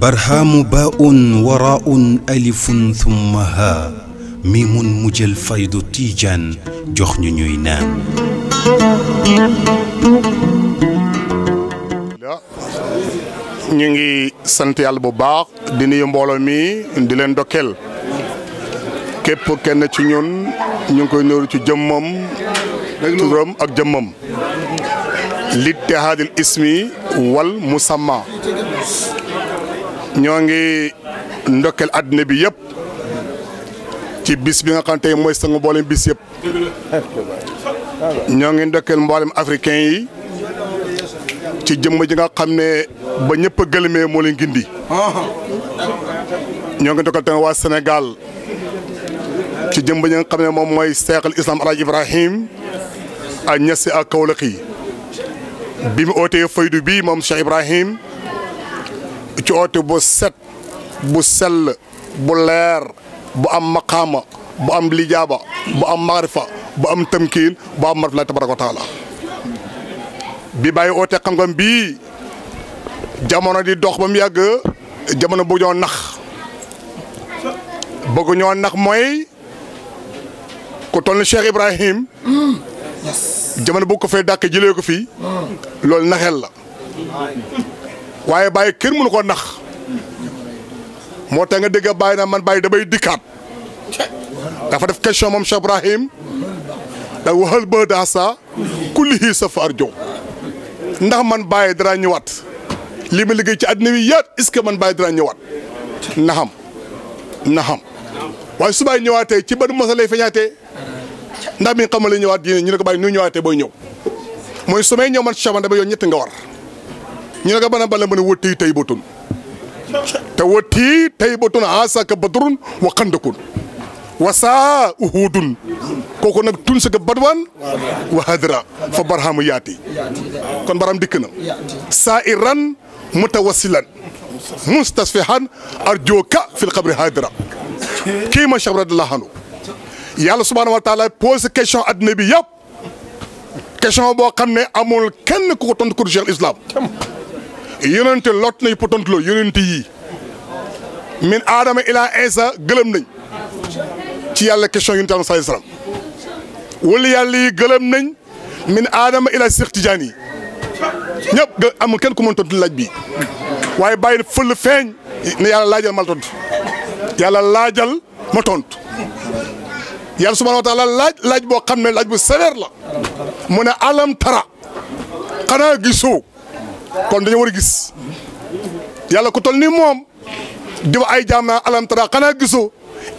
barhamu baun waraun alifun thumma ha mi mun mujjël faydu tiijaan jox ñu ñuy naan ñu ngi sant yàlla bu baax di nuyu mbooloo mi di leen dokkeel képp kenn ci ñun ñu ngi koy nëru ci jëmmam ak jëmmam littihaadil ismi wal musamma ñoo ngi ndokkel àddina bi yëpp ci bis bi nga xam tey mooy sangu mboolem bis yëpp ñoo ngi ndokkel mboolem africain yi ci jëmm ji nga xam ne ba ñëpp a gëlëmee moo leen gindi ñoo ngi ndokkal tamit waa Sénégal ci jëmb ji nga xam ne moom mooy seexal islam alaaj Ibrahim a ñesi ak Kawlax bi oté feydu bi mom Cheikh Ibrahim ci oté bu set bu sel bu leer bu am maqama bu am lijaba bu am maarifa bu am tamkin bu am marfa tabaraka taala bi baye oté xangam bi jamono di dox bam yag jamono bu ñoo nax bëgg ñoo nax moy ko toll Cheikh Ibrahim. jamono boo ko fee dàq jëlee ko fii loolu naxel la waaye bàyyi kër mënu ko ndax moo tax nga a bàyyi naa man bàyyi damay dikkaat dafa def question moom Cheikh Ibrahim da waxal ba daa saa kullihi safaar jow ndax man bàyyi dara ñëwaat lii ma liggéey ci àddina wi yaat est-ce man bàyyi dara ñëwaat naxam naxam waaye su ñëwaatee ci ban mosa lay feñaatee ndax mi xamal la ñëwaat diine ñu ne ko bàyyi nu ñëwaatee booy ñëw mooy su may ñëw man Cheikh dama yoon ñett nga war ñu ne ko bana bala mën a wëttii tey batun te wëttii tey batun asaka badrun wa xandakun wasaa uhudun kooku nag tun sa ka badwaan wa hadra fa barhamu yaati kon baram dikk na saa iran mutawasilan mustasfihan arjoka fil xabri hadra kii ma Cheikh radiyallahu yàlla subhaanahu wa taala posé question adduna bi yëpp question boo xam ne amul kenn ku ko tontu ko Cheikh Islam yonente lot nañ pour tontu loolu yonente yii min aadama ila insa gëlëm nañ ci yàlla question yonente am sallallahu alayhi wasallam wala yàlla yi gëlëm nañ min aadama ila Cheikh Tidiane yi ñëpp amul kenn ku mën tontu laaj bi waaye bàyyi fël feeñ ne yàlla laajal ma tontu yàlla laajal ma tontu يالا سبحانه وتعالى لاج لاج بو خامني لاج بو سيفير لا من علم ترى قنا غيسو كون دا نوري غيس يالا كو تولني موم ديو اي جامنا علم ترى قنا غيسو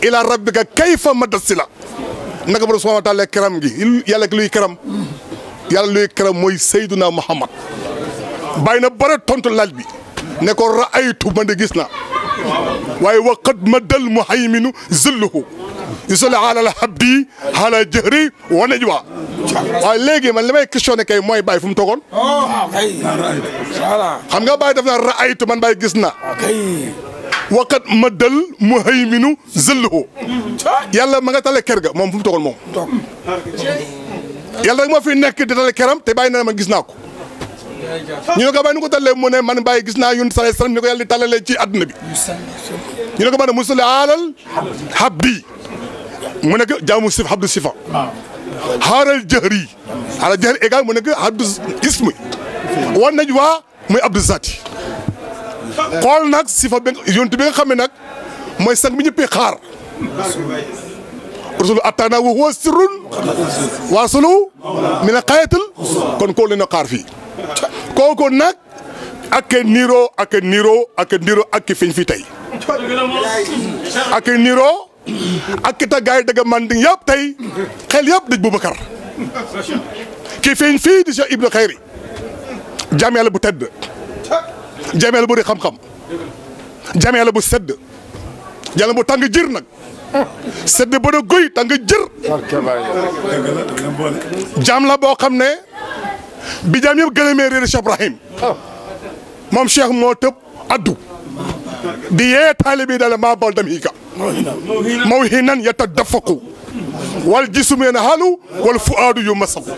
الى ربك كيف مدسلا نغبر سبحانه وتعالى كرام غي يالا كلوي كرام يالا لوي كرام موي سيدنا محمد باينا بره تونت لاج بي نكو رايتو من غيسنا waaye waqad madal muhayminu zilluhu yusali alal habdi ala jëhri wa najwa waaye léegi man li may questionné kay mooy Baye fu mu toogoon. xam nga Baye daf na raaytu man Baye gis na. waqat ma dal muhayminu zilluhu yàlla ma nga tale kër ga moom fu mu toogoon moom. yàlla rek moo fi nekk di tale këram te bàyyi na ma gis naa ko. ñu ne ko bàyyi nu ko talee mu ne man bàyyi gis naa yun sallallahu alayhi wasallam ni ko yàlla di talalee ci àdduna bi ñu ne ko bàyyi mu sali alal habdi mu nekk jaamu sif habdu sifa xaaral jëhri ala jëhri égal mu nekk habdu ismi wan nañ waa muy abdu zati xool nag sifa bi yontu bi nga xam ne nag mooy sang bi ñëppee xaar rasulu attana wa huwa sirrun waasulu min a xayatal kon koo leen a xaar fii kooku nag ak niro ak niro ak niro ak fiñ fi tey ak niro ak ta gaay daga man di yëpp tey xel yëpp daj Boubacar ki fiñ fii di Cheikh Ibnu Xayri jameel bu tedd jameel bu di xam-xam jameel bu sedd jàll bu tàng jër nag sedd bu da guy tàng jër jaam la boo xam ne bi jaam yëpp gëlëmee réer Cheikh Ibrahim ah. moom Cheikh moo addu di yee taalibi dala maa bal dam hika maw hinan yatadafaqu wal jisum yeen halu wal fuaadu yu masaku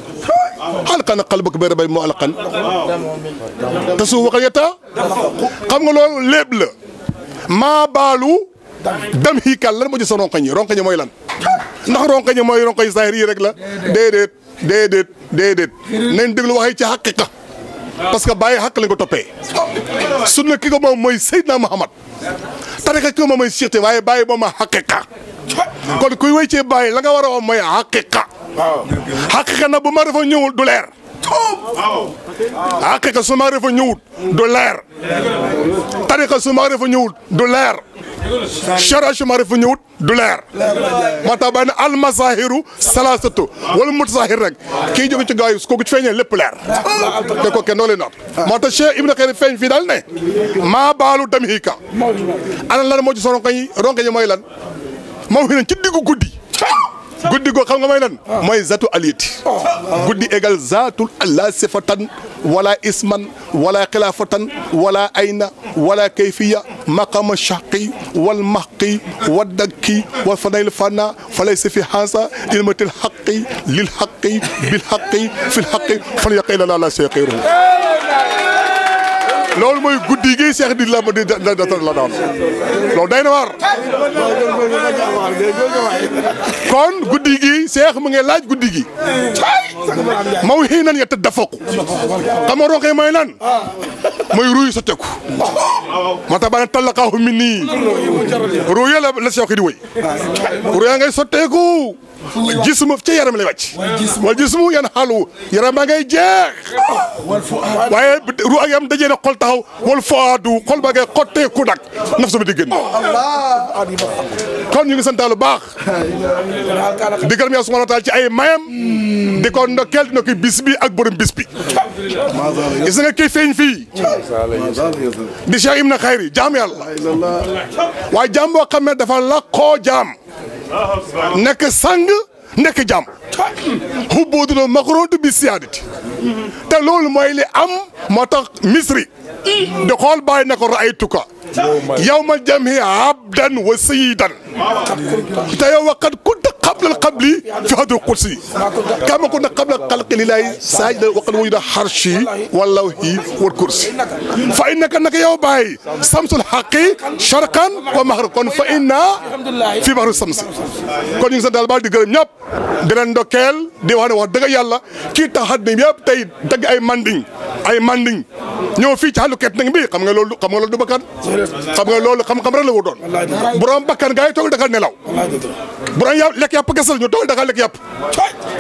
xalqan qalbak bi rabay mu alqan te su waxal yetta xam nga loolu lépp la maa baalu dam hika lan moo ci sa ronkañ yi ronkañ ndax ronkañ yi mooy ronkañ zahir yi déedéet déedéet nañ déglu waxee ci xaqiqa ah. parce que bàyyi xaq lañ ko sunna ki ko moom mooy Seydina Muhammad tariqa ki ko moom mooy waaye bàyyi moom a ah. kon kuy wéy cee bàyyi la nga war a wax mooy xaqiqa ah. xaqiqa nag bu ma dafa ñëwul du leer haqiqa ah. ah, Soumaré fa ñëwut du leer tariqa Soumaré fa ñëwut du leer chara Soumaré fa ñëwut du leer moo tax ba ne almazahiru salasatu wala mutasahir rek kii jóge ci gaayu kooku ci feeñee lépp leer te ko kenn doo leen naat moo tax Cheikh Ibn Khayri feeñ fii daal ne maa baalu dam hiika ana lan moo ci sa ronkañ yi ronkañ yi mooy lan moo fi ci diggu guddi guddi go xam nga may lan moy zatu aliyati guddi égal zatul allah sifatan wala isman wala khilafatan wala ayna wala kayfiya maqama shaqi wal mahqi wad dakki wa fanayl fana falaysa fi hansa ilmatil haqqi lil haqqi bil haqqi fil haqqi fal yaqila la la sayqiru loolu mooy guddi gi seex di lamb di la daan loolu day na war kon guddi gi seex mu ngi laaj guddi gi maw xii nan nga tëdd dafoku xam nga roqee mooy lan mooy ruuy sa teku moo tax bana tallaqaahu nii ruuya la seex di woy ruuya ngay sotteeku wal jismu ca yaram lay wàcc. wal jismu yan xaalu yaram ba ngay jeex. wa ru ak yam dajee na xol taxaw wal faadu xol ba ngay xotteeku nag nafsu bi di génn. kon ñu ngi santaal lu baax. di gërëm yàlla subhanahu wa taala ci ay mayam. di ko ndokkeel dina koy bis bi ak borom bis bi. gis nga kii feeñ fii. di Cheikh Ibn Khayri jaam yàlla. waaye jaam boo xam ne dafa la laqoo jaam. nekk sang nekk jàmm xubbuutu la maqrootu bi siyaadati te loolu mooy am moo tax misri di xool bàyyi na ko raaytuka yawmal jamhi abdan wa sayidan te yow waqat ku قبل القبلي في هذا القرسي كما كنا قبل القلق لله ساجد وقل ويدا حرشي والله والكرسي فإنك أنك يا باي سمس الحق شرقا ومغربا فإن في بحر السمس كون يزن دال بار دي غرم ياب دلان دوكيل ديوان وار دغا كي تحدني ياب تاي دغ اي ماندين ay manding ñëw fii ci xalu ket nag mbii xam nga loolu xam nga loolu du bakkan xam nga loolu xam-xam rek la wu doon borom bakkan gaa yi toog dakal nelaw borom yàpp lekk yàpp gasal ñu toog dakal lekk yàpp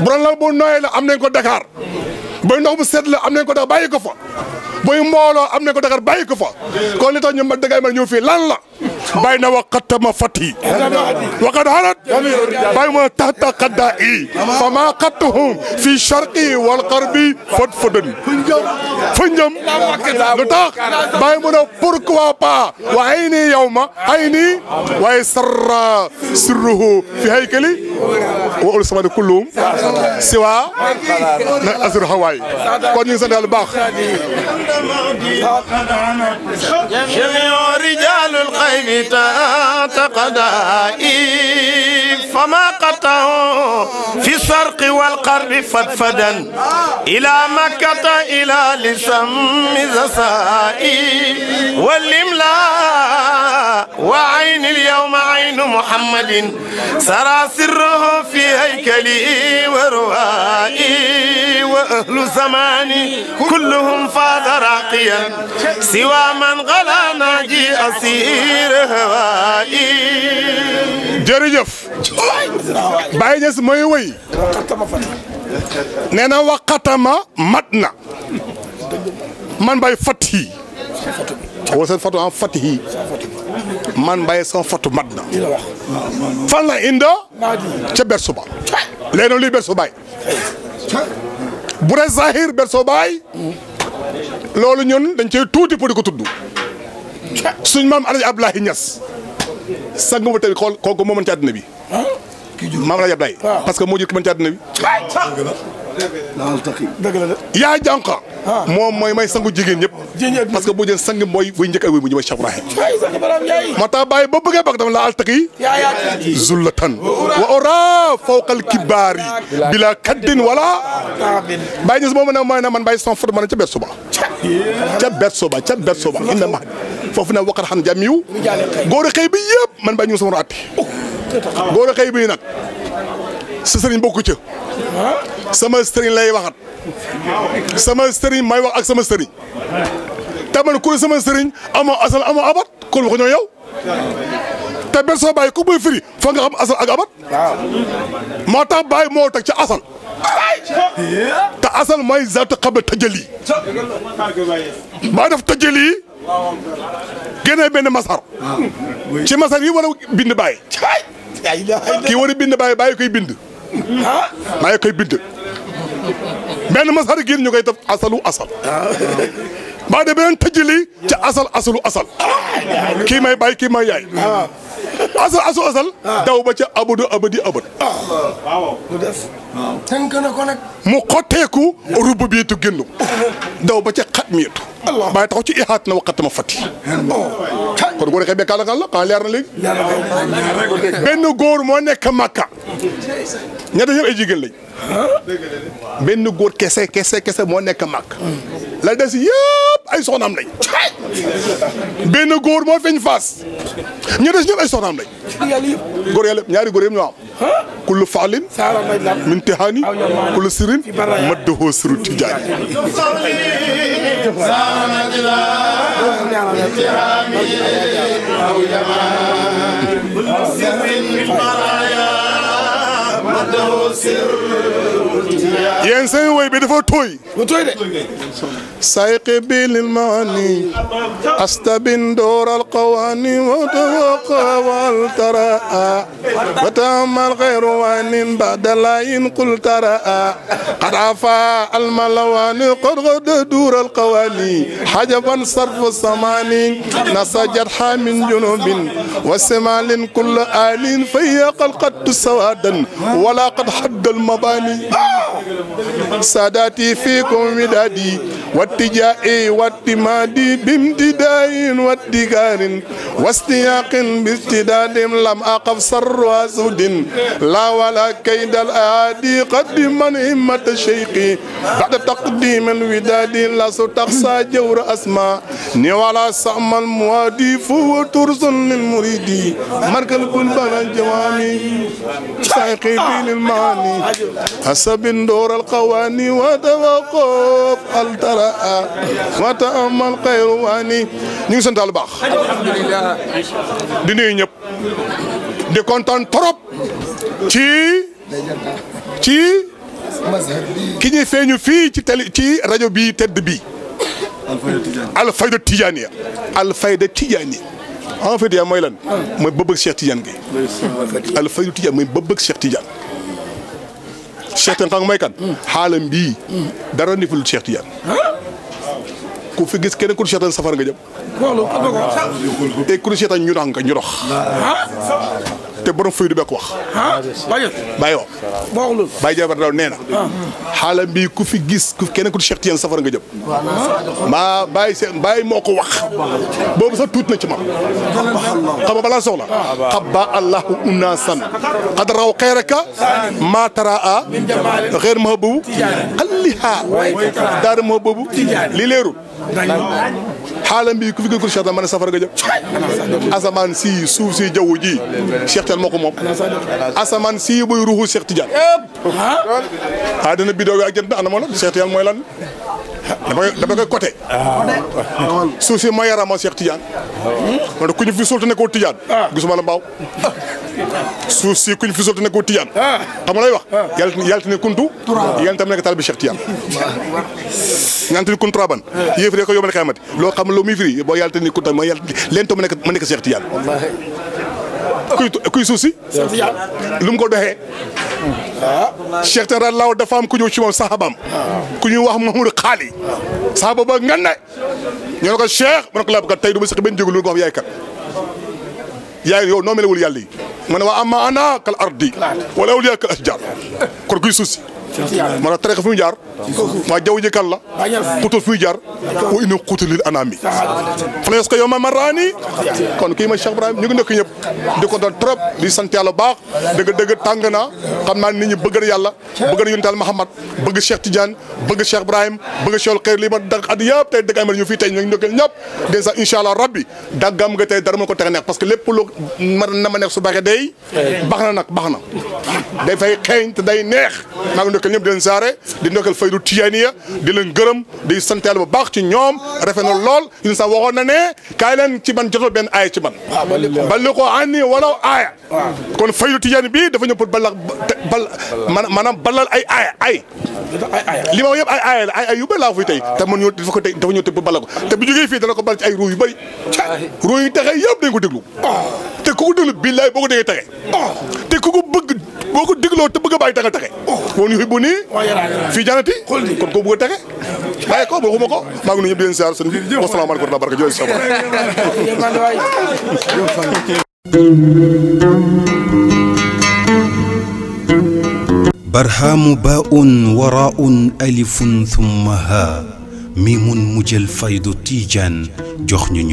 borom la boo nooyee la am nañ ko Dakar booy ndox bu seet la am nañ ko Dakar bàyyi ko fa booy mbooloo am nañ ko Dakar bàyyi ko fa ko li tax ñu ma dagay ma ñëw fii lan la بين وقت مفتي وقد هرت بين تحت قدائي فما قدتهم في شرقي والقربي فد فدن فنجم لطاق بين من بوركوا با وعيني يوم عيني ويسر سره في هيكلي وقل سمان كلهم سوى أزر هواي كون ينزل الباخ جميع شئت تقدائي فما قطعوا في السرق والقرب فدفدا إلى مكة إلى لسم زسائي والإملاء وعين اليوم عين محمد سرى سره في هيكلي وروائي وأهل زماني كلهم فاز راقيا سوى من غلا ناجي أسير jërëjëf Baye Niass mooy wëy nee na waxatama mat na man Baye Fatihi wala seen Fatou ah Fatihi man Baye sama Fatou mat na inda ca bersu ba luy bersu baay Zahir bersu loolu ñun dañ cey tuuti pour ko tudd. suñ maam alaji Abdoulaye Niass sang bu tey xool kooku moo mën ci àddina bi maam alaji Abdoulaye parce que moo jur ki mën ci àddina bi dëgg la yaa jànqa ah. moom mooy may sangu jigéen ñëpp parce que boo jël sang mooy buy njëkk ak buy mujj mooy Cheikh Ibrahim moo tax bàyyi ba bëggee bak dama la altaqi zullatan wa ora fawqal kibaari bila kaddin wala bàyyi ñës moom ne mooy man bàyyi sans faute man ca bet soba ca bet soba ca bet soba inna ma fofu nag waqar xam jàmm góor xëy bi yeb man ba ñu sama atte góor xëy bi nak sa sëriñ bokku ci sama sëriñ lay waxat sama sëriñ may wax ak sama sëriñ te man ku sama sëriñ amo asal amo abat ko wax ñoo yow ta benn so bay ku muy firi fa nga xam asal ak abat moo tax bàyyi moo teg ca asal ta asal may zaatu qabta tajali maa def tajali génnee benn masar. Ah, ci masar yi war a bind bàyyi. kii war a bind bàyyi bàyyi koy bind. bàyyi koy bind. benn masar génn ñu koy def asalu asal. Ah, ba de beneen tëjali ci asal asalu asal. Ah, kii may bàyyi yaay. asal asal asal. daw ba ca abadu abadi abad. mu des. tënk na ko daw ba ca xat miitu. allah bàyyi taxaw ci ihaat na waqat ma fati. kon bu nekkee bekkaat la xanaa leer na léegi. benn góor moo nekk Makka. ñaata ñëpp ay jigéen lañ. benn góor kese kese kese moo nekk Makka. la des yëpp ay soxnaam lañ. benn góor moo feeñ fas ña des ay soxnaam lañ. góor yàlla ñaari góor yëpp ñoo am. kullu faalin min tihaani kullu sirin maddahu siru tijaani yéen seen woy bi dafa tooy bu tooy de sayqi bil maani astabin door al qawani wa tawaqa wal taraa wa tamal khairu wanin ba'da la in qul taraa qad afa al malawani qad ghada dur al qawani hajaban sarfu samani nasajat hamin junubin wa simalin kull alin fayaqal qad sawadan wala qad أحد المباني ساداتي فيكم ودادي واتجاء واتمادي بامتداء واتجار واستياق باستداد لم أقف سر وسود لا ولا كيد الأعادي قد من همة شيقي بعد تقديم الوداد لا أقصى جور أسماء نوالا سام الموادي فهو ترس للمريد مركل بلبان الجوامي ساقي بين الماني حسب دور القواني وتوقف الترى raa mata amal ah, xayru waani ñu ngi santal baax di nuyu ñëpp di kontaan trop ci ci ki ñuy feeñu fii ci télé ci rajo bi tedd bi alfayda tijaaniya alfayda tijaaniya en fait yaa mooy lan ah. mooy bëbëg Cheikh Tidiane gi alfayda tijaaniya mooy bëbëg Cheikh Tidiane Cheikh Tidiane xam may kan. Hmm. xaalam bii. Hmm. dara niful Cheikh Tidiane. ku fi gis keneen ku Cheikh Tidiane safar nga jëm. loolu ku doon ko. te ku ñu dox ñu dox. te borom faydu bee ko wax. ah Bayo. boo wax loolu Baye Jabar Daw nee na. xaalam bi ku fi gis ku keneen ku di Cheikh Tidiane safara nga jëm. maa Baye se Baye moo ko wax. boobu sax tuut na ci ma. xam nga balaa soxla. xabba allahu unasan qad raw xeyraka maa taraa. xeer ma boobu. xalliha daara ma boobu. li leerul. xaalam bi ku fi gën ko Cheikh Tall ma ne safara nga jëm asamaan si suuf si jaww ji Cheikh Tall moo ko moom asamaan si buy ruuxu Cheikh Tidiane ah dana bidoo ak jant ana moo la Cheikh Tall mooy lan dama koy dama koy côté. suuf ma yaraamoo Cheikh Tidiane. man de ku ñu fi suul te nekkoo Tidiane. la mbaaw. suuf si ku ñu fi suul te nekkoo Tidiane. xam nga lay kuntu. yàlla tam nekk taal bi Cheikh Tidiane. ñaan te ne kuntu turaban. yéen ko yóbbu na xamati loo xam loo muy boo yàlla te kuntu leen tam ma nekk Cheikh Tidiane. kuy kuy suuf ko doxee. ah Cheikh Tara Law dafa am ku ñëw ci moom saxabaam. ku ñuy wax Mahmoud Xaali. saxaba ba ngan ne. ñu ne ko Cheikh ma ne ko laa bëgg tey du ma sax benn yaay kat. yaay yow noo melewul yàlla yi. ma amma ana kal ardi. wala awliya kal ashjar kon kuy suuf maanaam tarixa fi mu jaar ma jaww ji kal la xutul fi mu jaar wa ina xuutulil anaami falees ko ma raani kon kii ma Cheikh Ibrahim ñu ngi nekk ñëpp di kontaan trop di sant yàlla baax dëgg dëgg tàng naa xam naa nit ñi bëgg na yàlla bëgg na yontaal Mahamad bëgg Cheikh Tidiane bëgg Cheikh Ibrahim bëgg Cheikh xëy lii ma dag at yëpp tey dëgg amee ñu fii tey ñu ngi nekkal ñëpp dèjà incha allah rabbi daggam nga tey dar mën ko tex neex parce que lépp lu mën na ma neex su baaxee day baax na na day fay xeeñ ndokkal ñëpp di leen saare di ndokkal faydu tijaniya di leen bu baax ci ñoom rafet na lool ñun sax waxoon na ne kaay leen ci man jotul benn aaya ci man ah, balli ko anni walaw aaya ah. kon faydu tijani bi dafa ñëw pour balla bal maanaam balal ay aaya ay li ma wax yëpp ay aaya la ay ay yu bëri laa fuy tey ah. te man ñëw dafa ko tey dafa ñëw te pour balla te bu jógee fii dana ko bal ci ay ruu yu bëri ruu yu texee yëpp dañ ko déglu te ku ko déglu billaay boo ko déggee te ku bëgg boo ko digloo te bëgg a bàyyi taxe woon yuy bu nii kon ko bëgg taxe bàyyi ko waxuma ko maa ngi di leen siyaar sëñ bi wasalaamaaleykum wa rahmatulah baraka barhamu baun waraun alifun thumma ha mimun faydu tijaan jox ñu